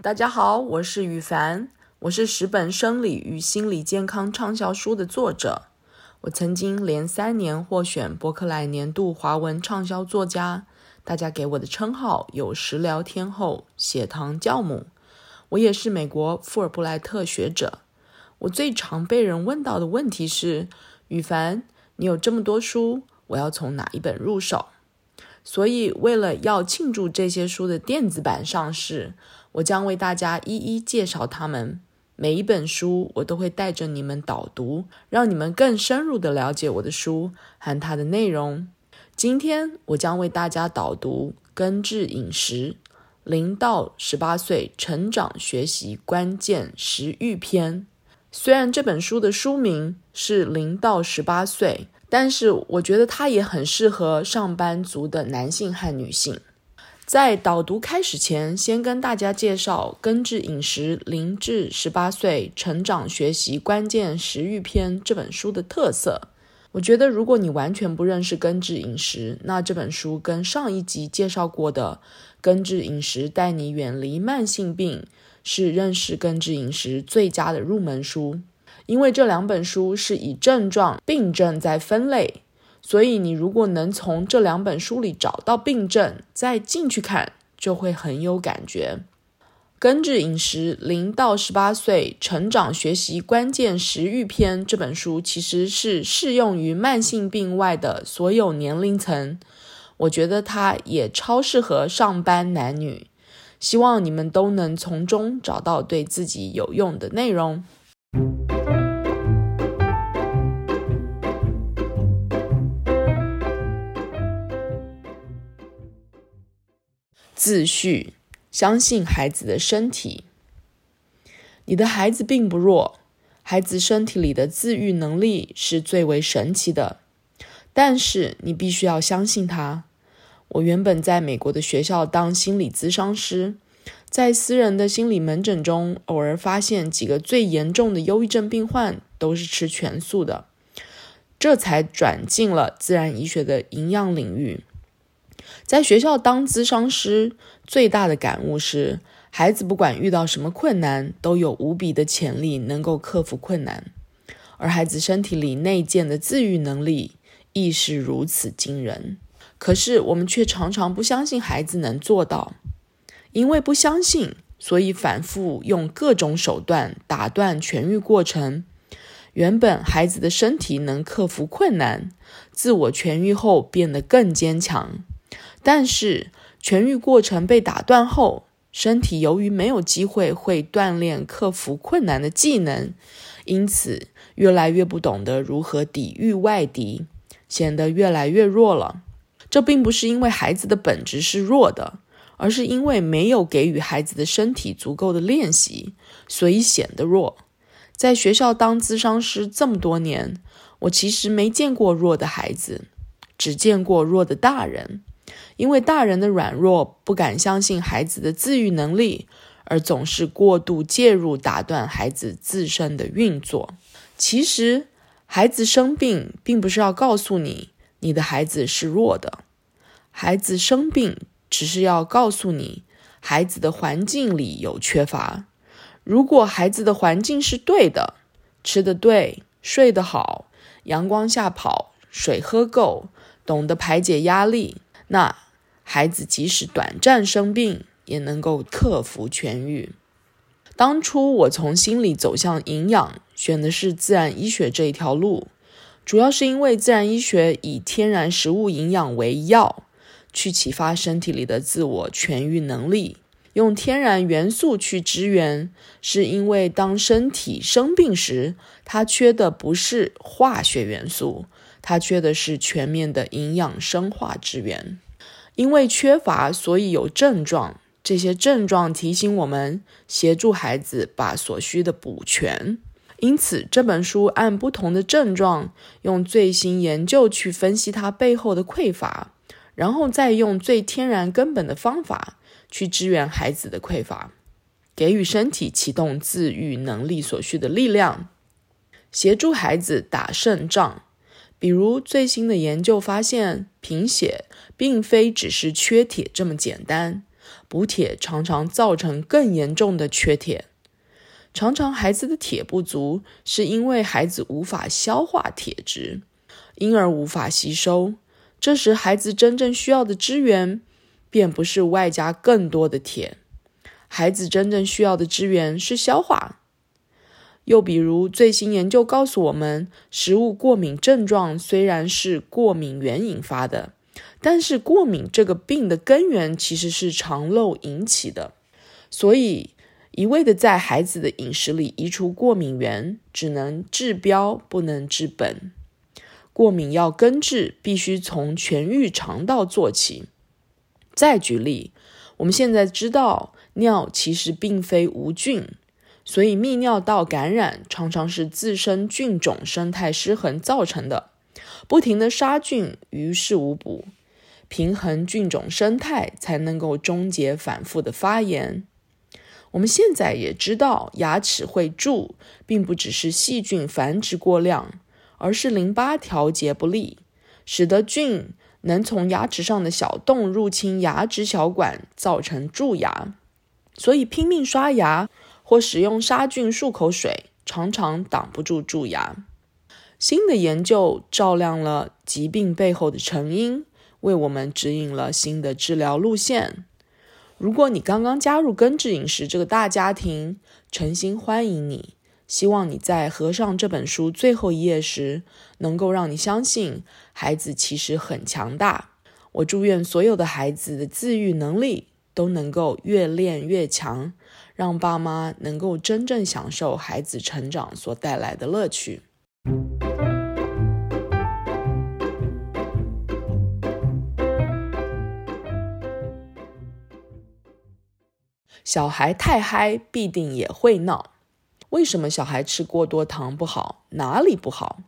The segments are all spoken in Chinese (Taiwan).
大家好，我是宇凡，我是十本生理與心理健康暢銷書的作者。我曾經連三年獲選博客來年度華文暢銷作家。大家給我的稱號有“食療天后”“血糖教母”。我也是美國富爾布萊特學者。我最常被人問到的問題是：宇凡，你有這麼多書，我要從哪一本入手？所以，為了要慶祝這些書的電子版上市。我將為大家一一介紹他們。每一本書，我都會帶着你們導讀，讓你們更深入的了解我的書和它的內容。今天，我將為大家導讀《根治飲食：零到十八歲成長學習關鍵食育篇》。雖然這本書的書名是“零到十八歲”，但是我覺得它也很適合上班族的男性和女性。在導讀開始前，先跟大家介紹《根治飲食：零至十八歲成長學習關鍵食育篇》這本書的特色。我覺得，如果你完全不認識根治飲食，那這本書跟上一集介紹過的《根治飲食帶你遠離慢性病》是認識根治飲食最佳的入門書，因為這兩本書是以症狀、病症在分類。所以，你如果能從這兩本書裡找到病症，再進去看，就會很有感覺。《根治飲食：零到十八歲成長學習關鍵食育篇》這本書其實是適用於慢性病外的所有年齡層，我覺得它也超適合上班男女。希望你們都能從中找到對自己有用的內容。自序：相信孩子的身體，你的孩子並不弱，孩子身體裡的自癒能力是最為神奇的，但是你必須要相信他。我原本在美國的學校當心理諮商師，在私人的心理門診中，偶爾發現幾個最嚴重的憂鬱症病患都是吃全素的，這才轉進了自然醫學的營養領域。在學校當諮商師，最大的感悟是，孩子不管遇到什麼困難，都有無比的潛力能夠克服困難，而孩子身體裡內建的自癒能力亦是如此驚人。可是我們卻常常不相信孩子能做到，因為不相信，所以反覆用各種手段打斷痊癒過程。原本孩子的身體能克服困難，自我痊癒後變得更堅強。但是痊癒過程被打斷後，身體由於沒有機會會鍛鍊克服困難的技能，因此越來越不懂得如何抵禦外敵，顯得越來越弱了。這並不是因為孩子的本質是弱的，而是因為沒有給予孩子的身體足夠的練習，所以顯得弱。在學校當諮商師這麼多年，我其實沒見過弱的孩子，只見過弱的大人。因為大人的軟弱，不敢相信孩子的自愈能力，而總是過度介入，打斷孩子自身的運作。其實，孩子生病並不是要告訴你你的孩子是弱的，孩子生病只是要告訴你孩子的環境裡有缺乏。如果孩子的環境是對的，吃得對，睡得好，陽光下跑，水喝夠，懂得排解壓力，那，孩子即使短暫生病，也能夠克服痊癒。當初我從心理走向營養，選的是自然醫學這一條路，主要是因為自然醫學以天然食物營養為藥，去啟發身體裡的自我痊癒能力。用天然元素去支援，是因為當身體生病時，它缺的不是化學元素，它缺的是全面的營養生化支援。因為缺乏，所以有症狀。這些症狀提醒我們協助孩子把所需的補全。因此，這本書按不同的症狀，用最新研究去分析它背後的匱乏，然後再用最天然根本的方法去支援孩子的匱乏，給予身體啟動自愈能力所需的力量，協助孩子打勝仗。比如，最新的研究發現，貧血。並非只是缺鐵這麼簡單，補鐵常常造成更嚴重的缺鐵。常常孩子的鐵不足，是因為孩子無法消化鐵質，因而無法吸收。這時，孩子真正需要的資源便不是外加更多的鐵，孩子真正需要的資源是消化。又比如，最新研究告訴我們，食物過敏症狀雖然是過敏原引發的，但是過敏這個病的根源其實是腸漏引起的，所以一味的在孩子的飲食裡移除過敏原，只能治標不能治本。過敏要根治，必須從痊癒腸道做起。再舉例，我們現在知道尿其實並非無菌，所以泌尿道感染常常是自身菌種生態失衡造成的，不停的殺菌於事無補。平衡菌種生態，才能夠終結反覆的發炎。我們現在也知道，牙齒會蛀，並不只是細菌繁殖過量，而是淋巴調節不力，使得菌能從牙齒上的小洞入侵牙質小管，造成蛀牙。所以拼命刷牙或使用殺菌漱口水，常常擋不住蛀牙。新的研究照亮了疾病背後的成因，為我們指引了新的治療路線。如果你剛剛加入根治飲食這個大家庭，誠心歡迎你。希望你在合上這本書最後一頁時，能夠讓你相信，孩子其實很強大。我祝願所有的孩子的自癒能力都能夠越練越強，讓爸媽能夠真正享受孩子成長所帶來的樂趣。小孩太嗨，必定也會鬧。為什麼小孩吃過多糖不好？哪裡不好？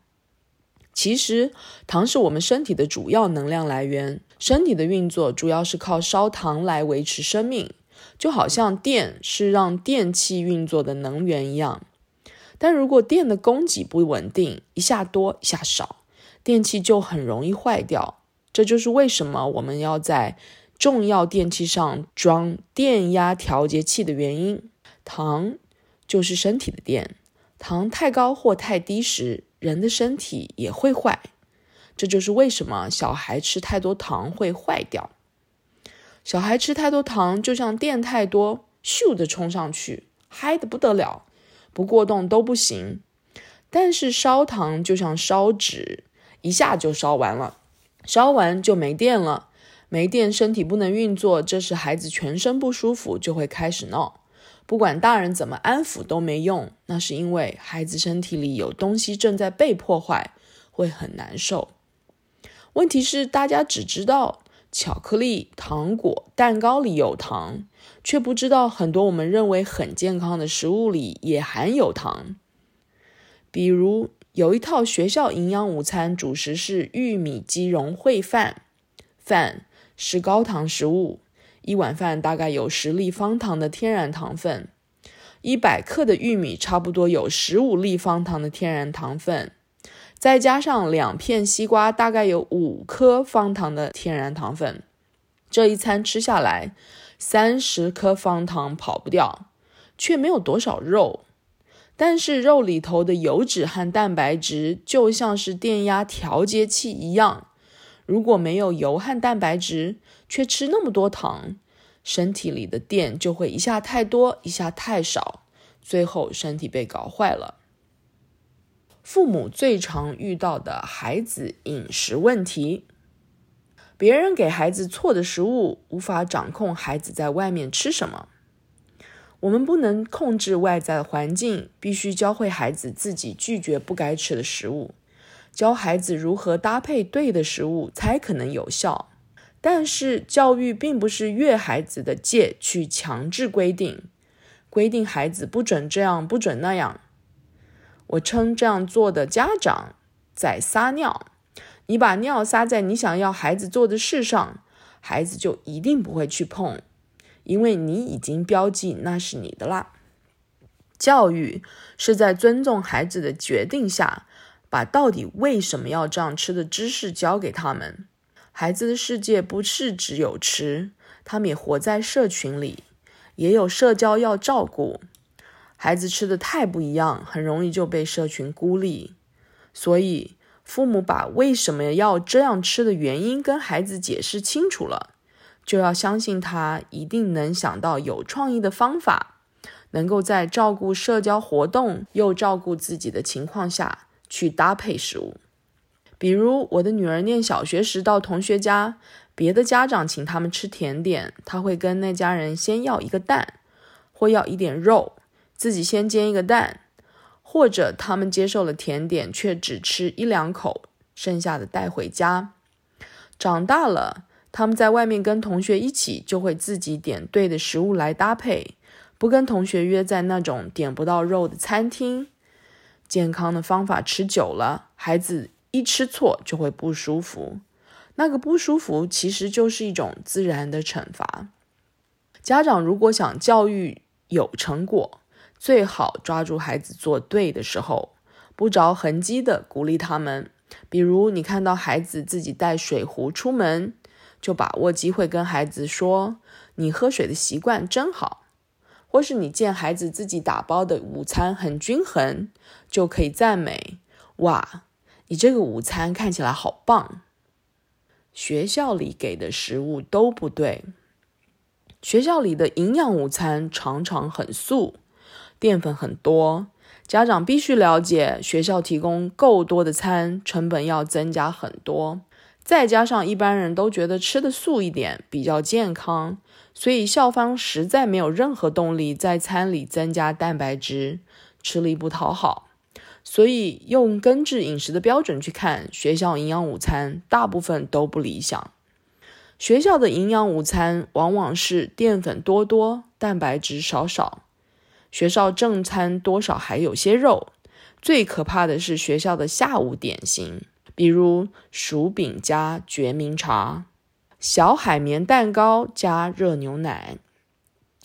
其實，糖是我們身體的主要能量來源，身體的運作主要是靠燒糖來維持生命，就好像電是讓電器運作的能源一樣。但如果電的供給不穩定，一下多，一下少，電器就很容易壞掉。這就是為什麼我們要在。重要電器上裝電壓調節器的原因，糖就是身體的電，糖太高或太低時，人的身體也會壞。這就是為什麼小孩吃太多糖會壞掉。小孩吃太多糖就像電太多，咻的衝上去，嗨得不得了，不過動都不行。但是燒糖就像燒紙，一下就燒完了，燒完就沒電了。沒電，身體不能運作，這時孩子全身不舒服就會開始鬧，不管大人怎麼安撫都沒用，那是因為孩子身體裡有東西正在被破壞，會很難受。問題是，大家只知道巧克力、糖果、蛋糕裡有糖，卻不知道很多我們認為很健康的食物裡也含有糖。比如有一套學校營養午餐，主食是玉米雞蓉燴飯，飯，是高糖食物，一碗飯大概有十粒方糖的天然糖分，一百克的玉米差不多有十五粒方糖的天然糖分，再加上兩片西瓜，大概有五顆方糖的天然糖分。這一餐吃下來，三十顆方糖跑不掉，卻沒有多少肉。但是肉裡頭的油脂和蛋白質就像是電壓調節器一樣，如果沒有油和蛋白質，卻吃那麼多糖，身體裡的電就會一下太多，一下太少，最後身體被搞壞了。父母最常遇到的孩子飲食問題，別人給孩子錯的食物，無法掌控孩子在外面吃什麼。我們不能控制外在的環境，必須教會孩子自己拒絕不該吃的食物。教孩子如何搭配對的食物才可能有效，但是教育並不是越孩子的界去強制規定，規定孩子不准這樣不准那樣。我稱這樣做的家長在撒尿，你把尿撒在你想要孩子做的事上，孩子就一定不會去碰，因為你已經標記那是你的了。教育是在尊重孩子的決定下。把到底為什麼要這樣吃的知識教給他們。孩子的世界不是只有吃，他們也活在社群裡，也有社交要照顧。孩子吃得太不一樣，很容易就被社群孤立。所以，父母把為什麼要這樣吃的原因跟孩子解釋清楚了，就要相信他一定能想到有創意的方法，能夠在照顧社交活動又照顧自己的情況下。去搭配食物，比如我的女兒念小學時，到同學家，別的家長請他們吃甜點，他會跟那家人先要一個蛋，或要一點肉，自己先煎一個蛋，或者他們接受了甜點，卻只吃一兩口，剩下的帶回家。長大了，他們在外面跟同學一起，就會自己點對的食物來搭配，不跟同學約在那種點不到肉的餐廳。健康的方法吃久了，孩子一吃錯就會不舒服。那個不舒服其實就是一種自然的懲罰。家長如果想教育有成果，最好抓住孩子做對的時候，不着痕跡地鼓勵他們。比如，你看到孩子自己帶水壺出門，就把握機會跟孩子說：“你喝水的習慣真好。”或是你見孩子自己打包的午餐很均衡，就可以讚美：“哇，你這個午餐看起來好棒！”學校裡給的食物都不對，學校裡的營養午餐常常很素，澱粉很多。家長必須了解，學校提供夠多的餐，成本要增加很多，再加上一般人都覺得吃的素一點比較健康。所以校方實在沒有任何動力在餐裡增加蛋白質，吃力不討好。所以用根治飲食的標準去看，學校營養午餐大部分都不理想。學校的營養午餐往往是澱粉多多，蛋白質少少。學校正餐多少還有些肉，最可怕的是學校的下午點心，比如薯餅加決明茶。小海綿蛋糕加熱牛奶，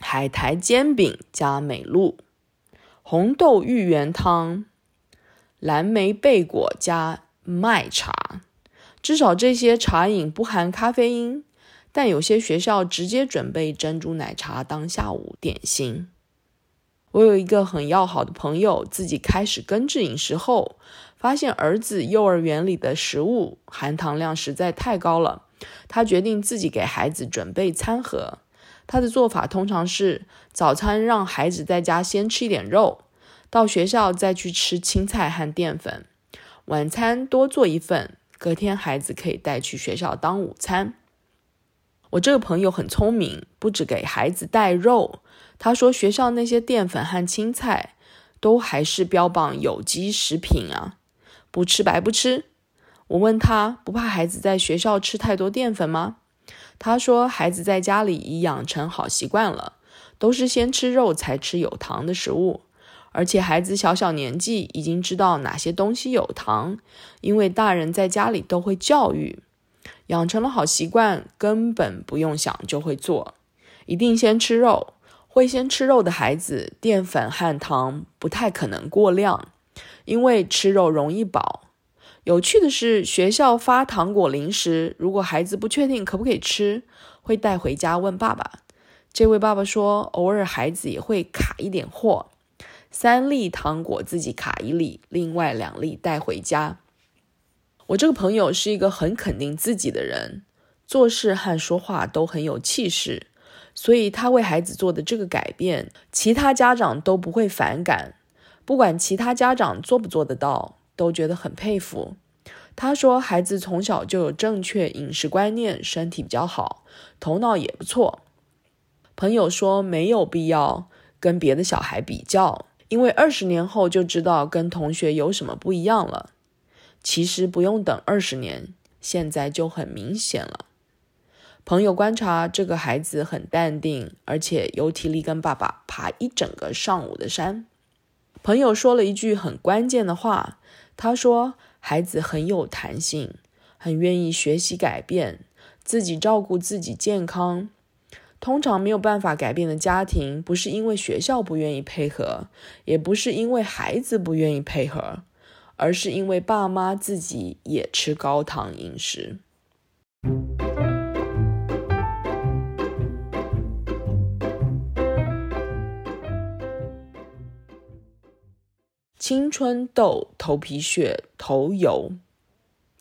海苔煎餅加美露，紅豆芋圓湯，藍莓貝果加麥茶。至少這些茶飲不含咖啡因，但有些學校直接準備珍珠奶茶當下午點心。我有一個很要好的朋友，自己開始根治飲食後，發現兒子幼兒園裡的食物含糖量實在太高了。他決定自己給孩子準備餐盒。他的做法通常是：早餐讓孩子在家先吃一點肉，到學校再去吃青菜和澱粉；晚餐多做一份，隔天孩子可以帶去學校當午餐。我這個朋友很聰明，不止給孩子帶肉，他說學校那些澱粉和青菜都還是標榜有機食品啊，不吃白不吃。我問他：“不怕孩子在學校吃太多澱粉嗎？”他說：“孩子在家裡已養成好習慣了，都是先吃肉才吃有糖的食物，而且孩子小小年紀已經知道哪些東西有糖，因為大人在家裡都會教育，養成了好習慣，根本不用想就會做，一定先吃肉。會先吃肉的孩子，澱粉和糖不太可能過量，因為吃肉容易飽。”有趣的是，學校發糖果零食，如果孩子不確定可不可以吃，會帶回家問爸爸。這位爸爸說，偶爾孩子也會卡一點貨，三粒糖果自己卡一粒，另外兩粒帶回家。我這個朋友是一個很肯定自己的人，做事和說話都很有氣勢，所以他為孩子做的這個改變，其他家長都不會反感，不管其他家長做不做得到。都覺得很佩服，他說孩子從小就有正確飲食觀念，身體比較好，頭腦也不錯。朋友說沒有必要跟別的小孩比較，因為二十年後就知道跟同學有什麼不一樣了。其實不用等二十年，現在就很明顯了。朋友觀察這個孩子很淡定，而且有體力跟爸爸爬一整個上午的山。朋友說了一句很關鍵的話，他說：“孩子很有彈性，很願意學習改變，自己照顧自己健康。通常沒有辦法改變的家庭，不是因為學校不願意配合，也不是因為孩子不願意配合，而是因為爸媽自己也吃高糖飲食。”青春痘、頭皮屑、頭油，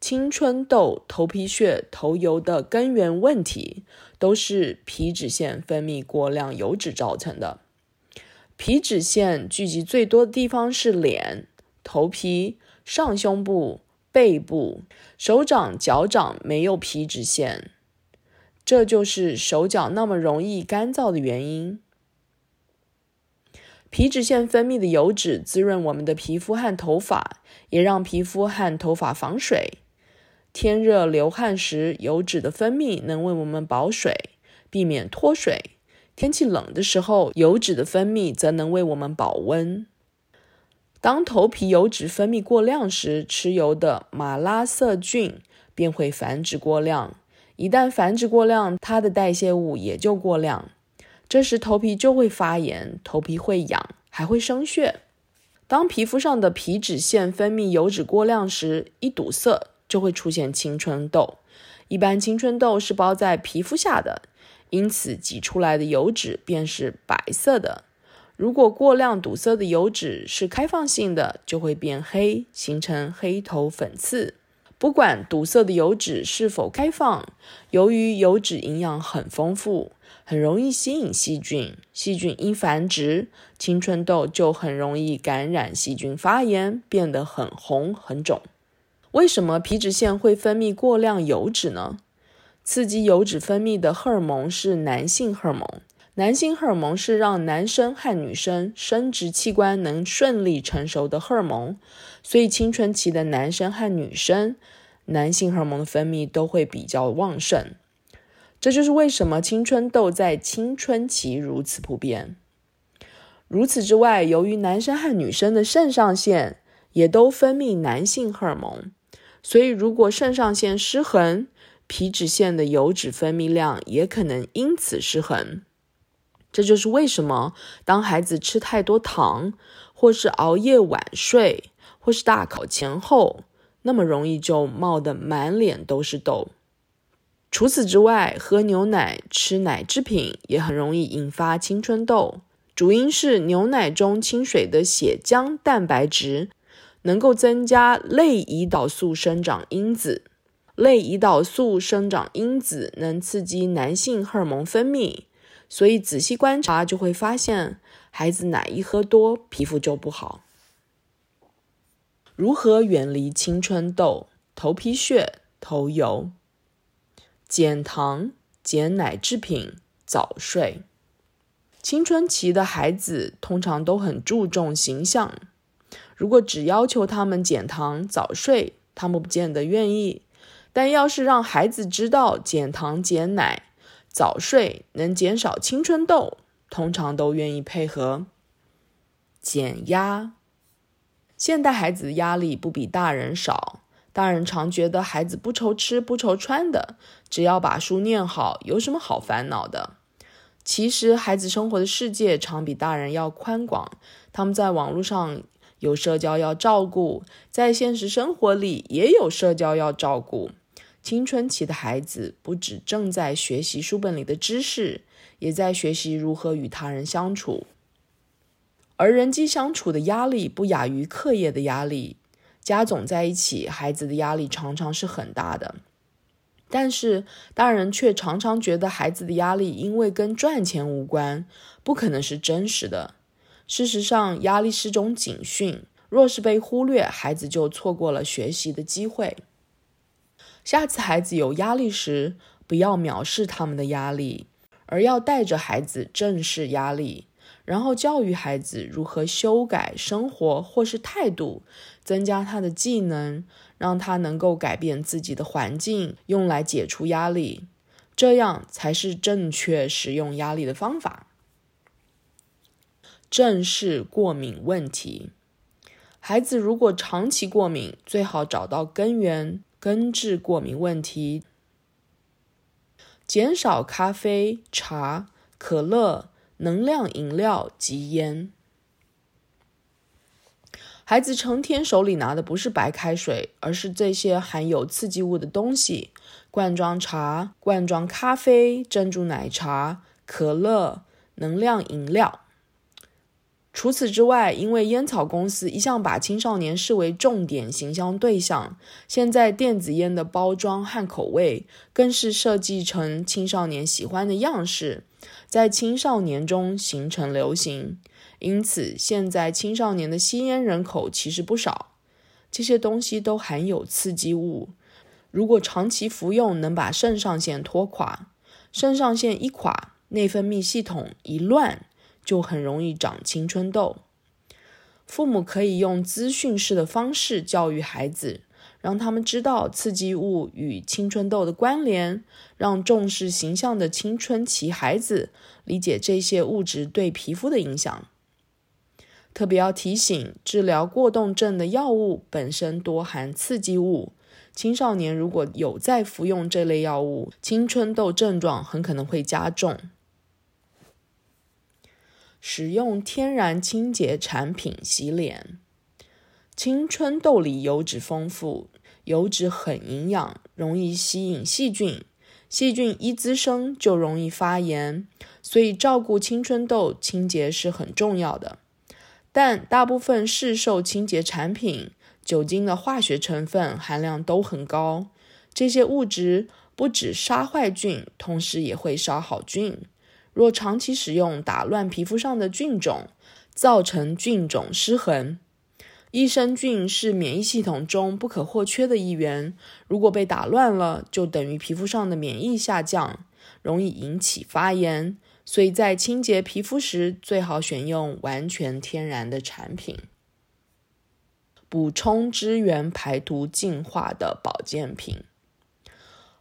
青春痘、頭皮屑、頭油的根源問題都是皮脂腺分泌過量油脂造成的。皮脂腺聚集最多的地方是臉、頭皮、上胸部、背部，手掌、腳掌沒有皮脂腺，這就是手腳那麼容易乾燥的原因。皮脂腺分泌的油脂滋潤我們的皮膚和頭髮，也讓皮膚和頭髮防水。天熱流汗時，油脂的分泌能為我們保水，避免脫水；天氣冷的時候，油脂的分泌則能為我們保溫。當頭皮油脂分泌過量時，吃油的馬拉色菌便會繁殖過量。一旦繁殖過量，它的代謝物也就過量。這時頭皮就會發炎，頭皮會癢，還會生屑。當皮膚上的皮脂腺分泌油脂過量時，一堵塞就會出現青春痘。一般青春痘是包在皮膚下的，因此擠出來的油脂便是白色的。如果過量堵塞的油脂是開放性的，就會變黑，形成黑頭粉刺。不管堵塞的油脂是否開放，由於油脂營養很豐富。很容易吸引細菌，細菌一繁殖，青春痘就很容易感染細菌發炎，變得很紅很腫。為什麼皮脂腺會分泌過量油脂呢？刺激油脂分泌的荷爾蒙是男性荷爾蒙，男性荷爾蒙是讓男生和女生生殖器官能順利成熟的荷爾蒙，所以青春期的男生和女生，男性荷爾蒙的分泌都會比較旺盛。這就是為什麼青春痘在青春期如此普遍。如此之外，由於男生和女生的腎上腺也都分泌男性荷爾蒙，所以如果腎上腺失衡，皮脂腺的油脂分泌量也可能因此失衡。這就是為什麼當孩子吃太多糖，或是熬夜晚睡，或是大考前後，那麼容易就冒得滿臉都是痘。除此之外，喝牛奶、吃奶製品也很容易引發青春痘。主因是牛奶中清水的血漿蛋白質能夠增加類胰島素生長因子，類胰島素生長因子能刺激男性荷爾蒙分泌，所以仔細觀察就會發現，孩子奶一喝多，皮膚就不好。如何遠離青春痘、頭皮屑、頭油？減糖、減奶製品、早睡。青春期的孩子通常都很注重形象，如果只要求他們減糖、早睡，他們不見得願意；但要是讓孩子知道減糖、減奶、早睡能減少青春痘，通常都願意配合。減壓，現代孩子的壓力不比大人少。大人常覺得孩子不愁吃不愁穿的，只要把書念好，有什麼好煩惱的？其實，孩子生活的世界常比大人要寬廣。他們在網絡上有社交要照顧，在現實生活裡也有社交要照顧。青春期的孩子不止正在學習書本裡的知識，也在學習如何與他人相處，而人際相處的壓力不亞於課業的壓力。家總在一起，孩子的壓力常常是很大的，但是大人卻常常覺得孩子的壓力因為跟賺錢無關，不可能是真實的。事實上，壓力是種警訊，若是被忽略，孩子就錯過了學習的機會。下次孩子有壓力時，不要藐視他們的壓力，而要帶着孩子正視壓力。然後教育孩子如何修改生活或是態度，增加他的技能，讓他能夠改變自己的環境，用來解除壓力。這樣才是正確使用壓力的方法。正視過敏問題，孩子如果長期過敏，最好找到根源，根治過敏問題，減少咖啡、茶、可樂。能量飲料及菸，孩子成天手裡拿的不是白開水，而是這些含有刺激物的東西：罐裝茶、罐裝咖啡、珍珠奶茶、可樂、能量飲料。除此之外，因為菸草公司一向把青少年視為重點行銷對象，現在電子菸的包裝和口味更是設計成青少年喜歡的樣式。在青少年中形成流行，因此現在青少年的吸煙人口其實不少。這些東西都含有刺激物，如果長期服用，能把腎上腺拖垮。腎上腺一垮，內分泌系統一亂，就很容易長青春痘。父母可以用資訊式的方式教育孩子。讓他們知道刺激物與青春痘的關聯，讓重視形象的青春期孩子理解這些物質對皮膚的影響。特別要提醒，治療過動症的藥物本身多含刺激物，青少年如果有在服用這類藥物，青春痘症狀很可能會加重。使用天然清潔產品洗臉，青春痘裡油脂豐富。油脂很營養，容易吸引細菌，細菌一滋生就容易發炎，所以照顧青春痘清潔是很重要的。但大部分市售清潔產品，酒精的化學成分含量都很高，這些物質不止殺壞菌，同時也會殺好菌。若長期使用，打亂皮膚上的菌種，造成菌種失衡。益生菌是免疫系統中不可或缺的一員，如果被打亂了，就等於皮膚上的免疫下降，容易引起發炎。所以在清潔皮膚時，最好選用完全天然的產品，補充、支援、排毒、淨化的保健品。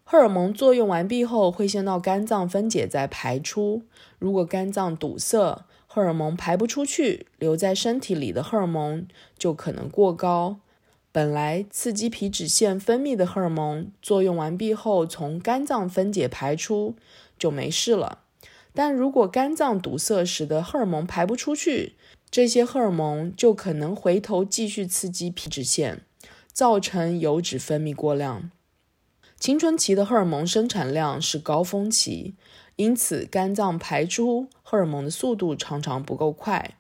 荷爾蒙作用完畢後，會先到肝臟分解，再排出。如果肝臟堵塞，荷爾蒙排不出去，留在身體裡的荷爾蒙就可能過高。本來刺激皮脂腺分泌的荷爾蒙作用完畢後，從肝臟分解排出就沒事了。但如果肝臟堵塞，使得荷爾蒙排不出去，這些荷爾蒙就可能回頭繼續刺激皮脂腺，造成油脂分泌過量。青春期的荷爾蒙生產量是高峰期。因此，肝臟排出荷爾蒙的速度常常不夠快。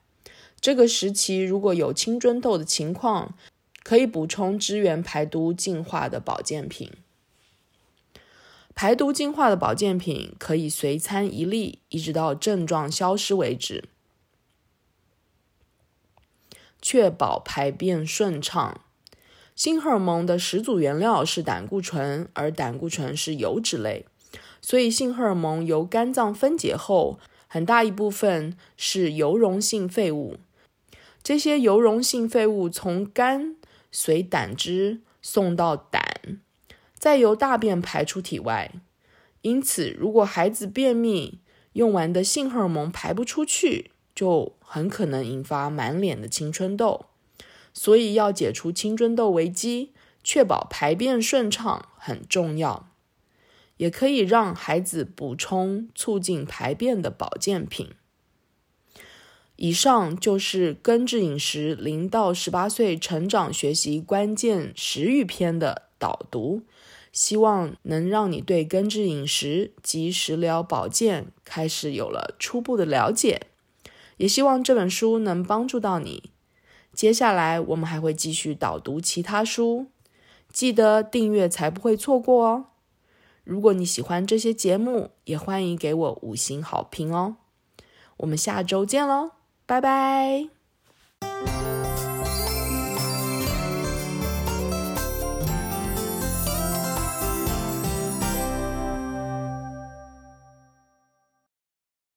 這個時期如果有青春痘的情況，可以補充支援排毒淨化的保健品。排毒淨化的保健品可以隨餐一粒，一直到症狀消失為止，確保排便順暢。性荷爾蒙的始祖原料是膽固醇，而膽固醇是油脂類。所以，性荷爾蒙由肝臟分解後，很大一部分是油溶性廢物。這些油溶性廢物從肝隨膽汁送到膽，再由大便排出體外。因此，如果孩子便秘，用完的性荷爾蒙排不出去，就很可能引發滿臉的青春痘。所以，要解除青春痘危機，確保排便順暢很重要。也可以讓孩子補充促進排便的保健品。以上就是《根治飲食：零到十八歲成長學習關鍵食育篇》的導讀，希望能讓你對根治飲食及食療保健開始有了初步的了解。也希望這本書能幫助到你。接下來我們還會繼續導讀其他書，記得訂閱才不會錯過哦。如果你喜歡這些節目，也歡迎給我五星好評哦！我們下週見嘍，拜拜。